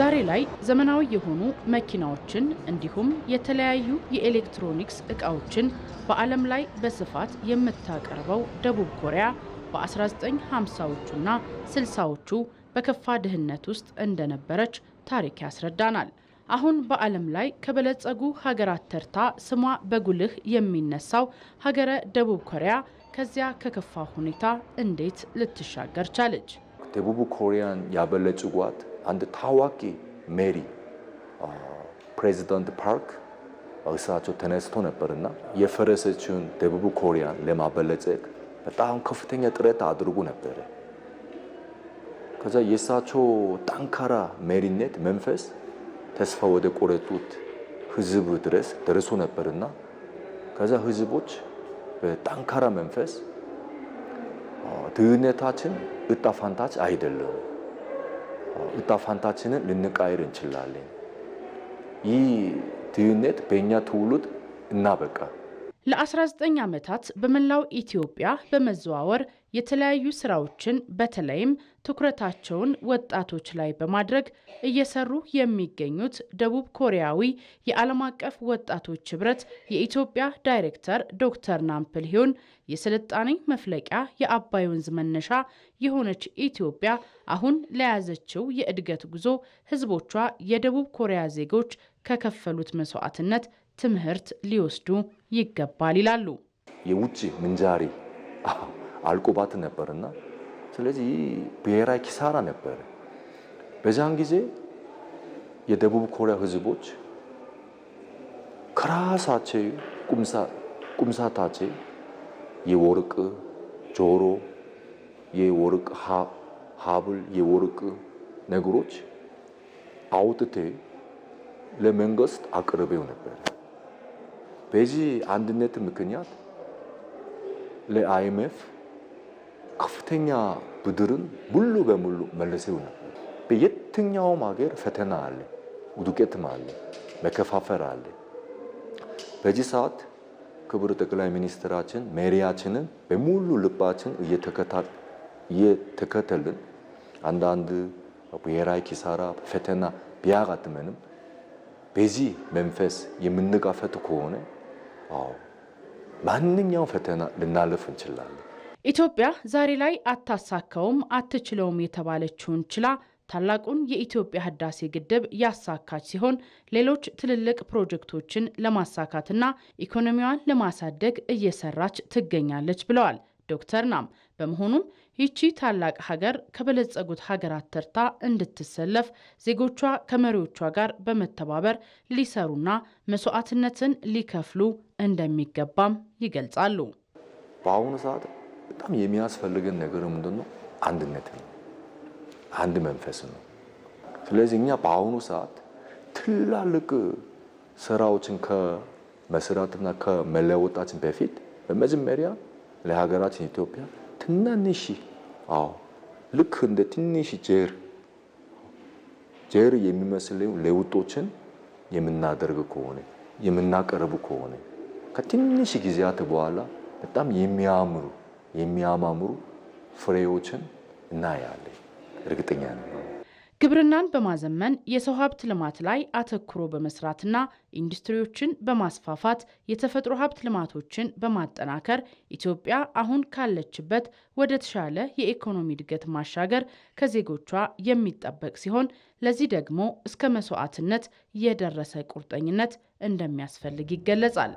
ዛሬ ላይ ዘመናዊ የሆኑ መኪናዎችን እንዲሁም የተለያዩ የኤሌክትሮኒክስ እቃዎችን በዓለም ላይ በስፋት የምታቀርበው ደቡብ ኮሪያ በ1950ዎቹና 60ዎቹ በከፋ ድህነት ውስጥ እንደነበረች ታሪክ ያስረዳናል። አሁን በዓለም ላይ ከበለጸጉ ሀገራት ተርታ ስሟ በጉልህ የሚነሳው ሀገረ ደቡብ ኮሪያ ከዚያ ከከፋ ሁኔታ እንዴት ልትሻገር ቻለች? ደቡብ ኮሪያን ያበለጽጓት and Tawaki Mary, 어, President Park, 어사 저 테네스톤에 빠르나 예퍼레스 준 대부분 코리아 레마벨레잭 땅 커프팅에 뜨레 다 들고 냅더래 그자서 예사초 땅카라 메리넷 멤페스 테스파워데 코레 뚜트 흐즈브드레스 데레손에 빠르나 그자서 흐즈보치 땅카라 멤페스 어, 드네 타친 으따판타치 아이들름 እጣ ፋንታችንን ልንቃይር እንችላለን። ይህ ትዩነት በእኛ ትውልድ እናበቃ ለ19 ዓመታት በመላው ኢትዮጵያ በመዘዋወር የተለያዩ ስራዎችን በተለይም ትኩረታቸውን ወጣቶች ላይ በማድረግ እየሰሩ የሚገኙት ደቡብ ኮሪያዊ የዓለም አቀፍ ወጣቶች ህብረት የኢትዮጵያ ዳይሬክተር ዶክተር ናምፕል ሂዮን የስልጣኔ መፍለቂያ የአባይ ወንዝ መነሻ የሆነች ኢትዮጵያ አሁን ለያዘችው የእድገት ጉዞ ህዝቦቿ የደቡብ ኮሪያ ዜጎች ከከፈሉት መስዋዕትነት ትምህርት ሊወስዱ ይገባል ይላሉ። የውጭ ምንዛሪ አልቆባት ነበርና ስለዚህ ብሔራዊ ኪሳራ ነበር በዛን ጊዜ የደቡብ ኮሪያ ህዝቦች ከራሳቸው ቁምሳታቸው የወርቅ ጆሮ፣ የወርቅ ሀብል፣ የወርቅ ነገሮች አውጥቴ ለመንግስት አቅርቤው ነበር። በዚህ አንድነት ምክንያት ለአይኤምኤፍ ከፍተኛ ብድርን ሙሉ በሙሉ መልሰው ነው። በየትኛውም ሀገር ፈተና አለ፣ ውድቀትም አለ፣ መከፋፈር አለ። በዚህ ሰዓት ክቡር ጠቅላይ ሚኒስትራችን መሪያችንን በሙሉ ልባችን እየተከተልን አንዳንድ ብሔራዊ ኪሳራ ፈተና ቢያጋጥመንም በዚህ መንፈስ የምንጋፈጥ ከሆነ ማንኛውም ፈተና ልናልፍ እንችላለን። ኢትዮጵያ ዛሬ ላይ አታሳካውም፣ አትችለውም የተባለችውን ችላ ታላቁን የኢትዮጵያ ህዳሴ ግድብ ያሳካች ሲሆን ሌሎች ትልልቅ ፕሮጀክቶችን ለማሳካትና ኢኮኖሚዋን ለማሳደግ እየሰራች ትገኛለች ብለዋል ዶክተር ናም። በመሆኑም ይቺ ታላቅ ሀገር ከበለጸጉት ሀገራት ተርታ እንድትሰለፍ ዜጎቿ ከመሪዎቿ ጋር በመተባበር ሊሰሩና መስዋዕትነትን ሊከፍሉ እንደሚገባም ይገልጻሉ። በአሁኑ ሰዓት በጣም የሚያስፈልገን ነገር ምንድን ነው? አንድነት ነው። አንድ መንፈስ ነው። ስለዚህ እኛ በአሁኑ ሰዓት ትላልቅ ስራዎችን ከመስራትና ከመለወጣችን በፊት በመጀመሪያ ለሀገራችን ኢትዮጵያ ትናንሽ ልክ እንደ ትንሽ ጀር ጀር የሚመስለው ለውጦችን የምናደርግ ከሆነ የምናቀርብ ከሆነ ከትንሽ ጊዜያት በኋላ በጣም የሚያምሩ የሚያማምሩ ፍሬዎችን እናያለን፣ እርግጠኛ ነው። ግብርናን በማዘመን የሰው ሀብት ልማት ላይ አተኩሮ በመስራትና ኢንዱስትሪዎችን በማስፋፋት የተፈጥሮ ሀብት ልማቶችን በማጠናከር ኢትዮጵያ አሁን ካለችበት ወደ ተሻለ የኢኮኖሚ እድገት ማሻገር ከዜጎቿ የሚጠበቅ ሲሆን ለዚህ ደግሞ እስከ መስዋዕትነት የደረሰ ቁርጠኝነት እንደሚያስፈልግ ይገለጻል።